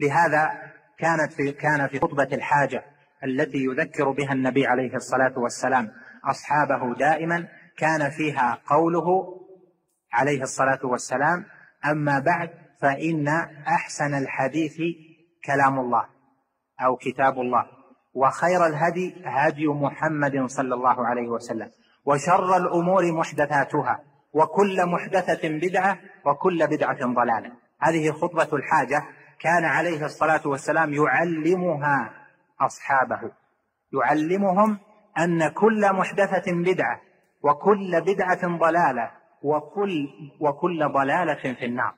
لهذا كانت في كان في خطبة الحاجة التي يذكر بها النبي عليه الصلاة والسلام أصحابه دائما كان فيها قوله عليه الصلاة والسلام أما بعد فإن أحسن الحديث كلام الله أو كتاب الله وخير الهدي هدي محمد صلى الله عليه وسلم وشر الأمور محدثاتها وكل محدثة بدعة وكل بدعة ضلالة هذه خطبة الحاجة كان عليه الصلاة والسلام يعلمها أصحابه يعلمهم أن كل محدثة بدعة وكل بدعة ضلالة وكل وكل ضلالة في النار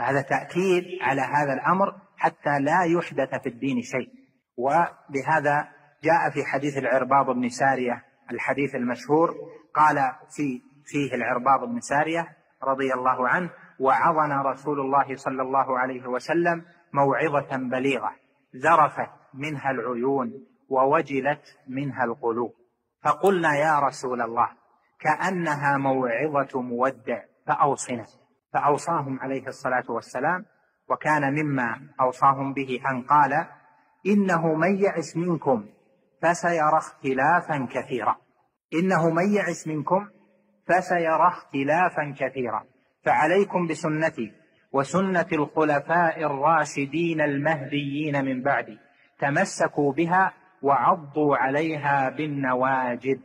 هذا تأكيد على هذا الأمر حتى لا يحدث في الدين شيء وبهذا جاء في حديث العرباض بن سارية الحديث المشهور قال في فيه العرباض بن سارية رضي الله عنه وعظنا رسول الله صلى الله عليه وسلم موعظة بليغة ذرفت منها العيون ووجلت منها القلوب فقلنا يا رسول الله كأنها موعظة مودع فأوصنا فأوصاهم عليه الصلاة والسلام وكان مما أوصاهم به أن قال إنه من يعس منكم فسيرى اختلافا كثيرا إنه من يعس منكم فسيرى اختلافا كثيرا فعليكم بسنتي وسنه الخلفاء الراشدين المهديين من بعدي تمسكوا بها وعضوا عليها بالنواجد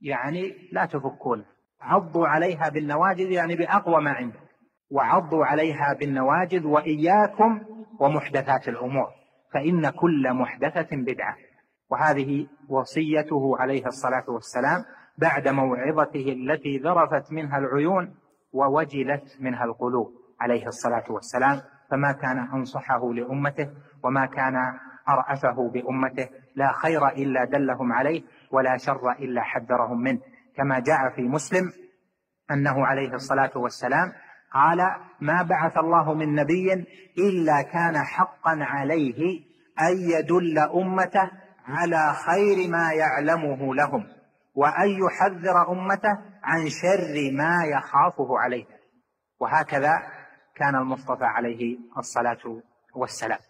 يعني لا تفكون عضوا عليها بالنواجد يعني باقوى ما عندك وعضوا عليها بالنواجد واياكم ومحدثات الامور فان كل محدثه بدعه وهذه وصيته عليه الصلاه والسلام بعد موعظته التي ذرفت منها العيون ووجلت منها القلوب عليه الصلاة والسلام فما كان أنصحه لأمته وما كان أرأفه بأمته لا خير إلا دلهم عليه ولا شر إلا حذرهم منه كما جاء في مسلم أنه عليه الصلاة والسلام قال ما بعث الله من نبي إلا كان حقا عليه أن يدل أمته على خير ما يعلمه لهم وأن يحذر أمته عن شر ما يخافه عليه وهكذا كان المصطفى عليه الصلاه والسلام